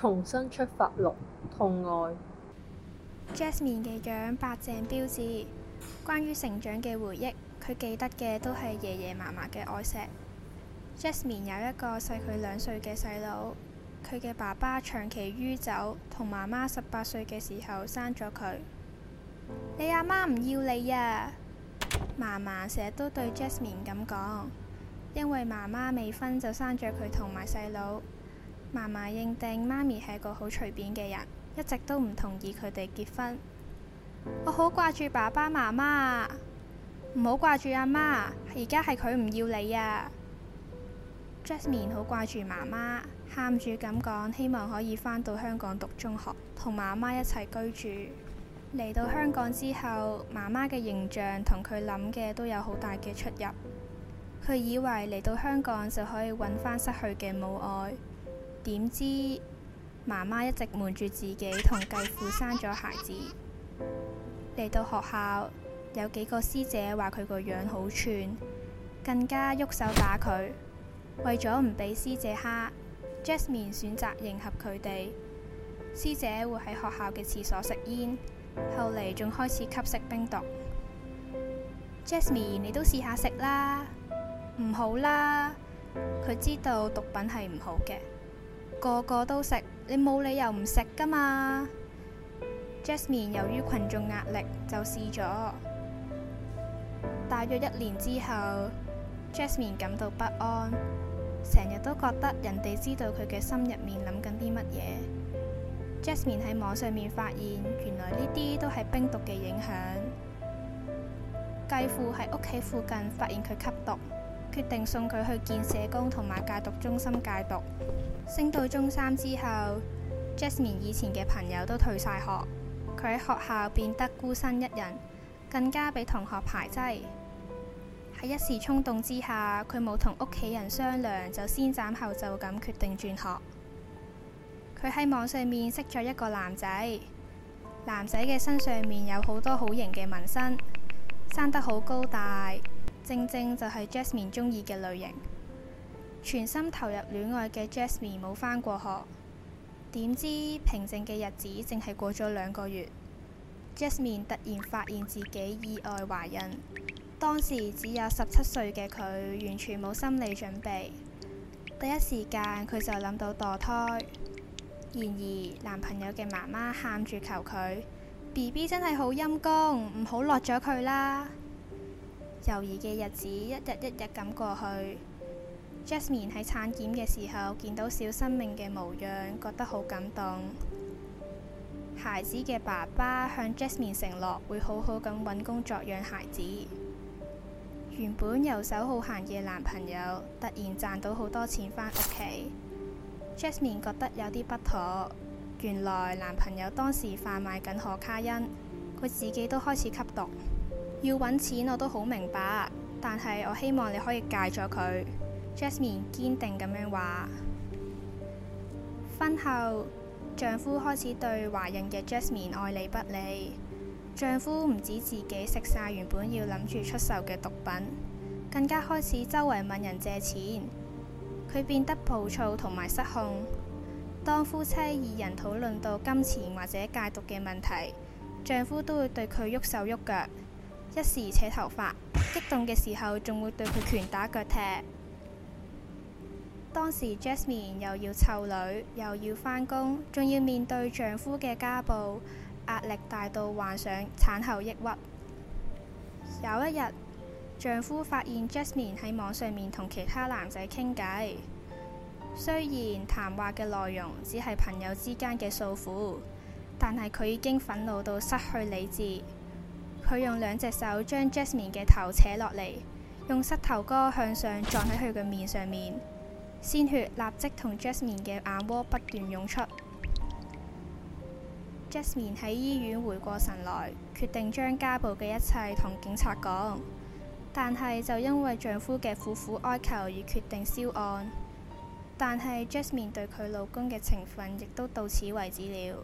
重新出發六。痛愛。Jasmine 嘅樣白淨標緻。關於成長嘅回憶，佢記得嘅都係爺爺嫲嫲嘅愛錫。Jasmine 有一個細佢兩歲嘅細佬，佢嘅爸爸長期酗酒，同媽媽十八歲嘅時候生咗佢。你阿媽唔要你呀，啊！嫲嫲成日都對 Jasmine 咁講，因為媽媽未婚就生咗佢同埋細佬。嫲嫲認定媽咪係個好隨便嘅人，一直都唔同意佢哋結婚。我、哦、好掛住爸爸媽媽啊，唔好掛住阿媽，而家係佢唔要你啊。Jasmine 好掛住媽媽，喊住咁講，希望可以返到香港讀中學，同媽媽一齊居住。嚟到香港之後，媽媽嘅形象同佢諗嘅都有好大嘅出入。佢以為嚟到香港就可以揾返失去嘅母愛。點知媽媽一直瞞住自己同繼父生咗孩子。嚟到學校，有幾個師姐話佢個樣好串，更加喐手打佢。為咗唔俾師姐蝦，Jasmine 選擇迎合佢哋。師姐會喺學校嘅廁所食煙，後嚟仲開始吸食冰毒。Jasmine，你都試下食啦。唔好啦。佢知道毒品係唔好嘅。個個都食，你冇理由唔食㗎嘛。Jasmine 由於群眾壓力就試咗。大約一年之後，Jasmine 感到不安，成日都覺得人哋知道佢嘅心入面諗緊啲乜嘢。Jasmine 喺網上面發現，原來呢啲都係冰毒嘅影響。繼父喺屋企附近發現佢吸毒。決定送佢去見社工同埋戒毒中心戒毒。升到中三之後，Jasmine 以前嘅朋友都退晒學，佢喺學校變得孤身一人，更加俾同學排擠。喺一時衝動之下，佢冇同屋企人商量，就先斬後奏咁決定轉學。佢喺網上面識咗一個男仔，男仔嘅身上面有好多好型嘅紋身，生得好高大。正正就係 Jasmine 中意嘅類型，全心投入戀愛嘅 Jasmine 冇返過學，點知平靜嘅日子淨係過咗兩個月，Jasmine 突然發現自己意外懷孕，當時只有十七歲嘅佢完全冇心理準備，第一時間佢就諗到墮胎，然而男朋友嘅媽媽喊住求佢，BB 真係好陰功，唔好落咗佢啦。猶豫嘅日子一日一日咁過去。Jasmine 喺產檢嘅時候見到小生命嘅模樣，覺得好感動。孩子嘅爸爸向 Jasmine 承諾會好好咁揾工作養孩子。原本遊手好閒嘅男朋友突然賺到好多錢返屋企，Jasmine 覺得有啲不妥。原來男朋友當時販賣緊可卡因，佢自己都開始吸毒。要揾錢我都好明白，但係我希望你可以戒咗佢。Jasmine 堅定咁樣話。婚後，丈夫開始對懷孕嘅 Jasmine 愛理不理。丈夫唔止自己食晒原本要諗住出售嘅毒品，更加開始周圍問人借錢。佢變得暴躁同埋失控。當夫妻二人討論到金錢或者戒毒嘅問題，丈夫都會對佢喐手喐腳。一時扯頭髮，激動嘅時候仲會對佢拳打腳踢。當時 Jasmine 又要湊女，又要返工，仲要面對丈夫嘅家暴，壓力大到患上產後抑鬱。有一日，丈夫發現 Jasmine 喺網上面同其他男仔傾偈，雖然談話嘅內容只係朋友之間嘅訴苦，但係佢已經憤怒到失去理智。佢用兩隻手將 Jasmine 嘅頭扯落嚟，用膝頭哥向上撞喺佢嘅面上面，鮮血立即同 Jasmine 嘅眼窩不斷湧出。Jasmine 喺醫院回過神來，決定將家暴嘅一切同警察講，但係就因為丈夫嘅苦苦哀求而決定銷案。但係 Jasmine 對佢老公嘅情分亦都到此為止了。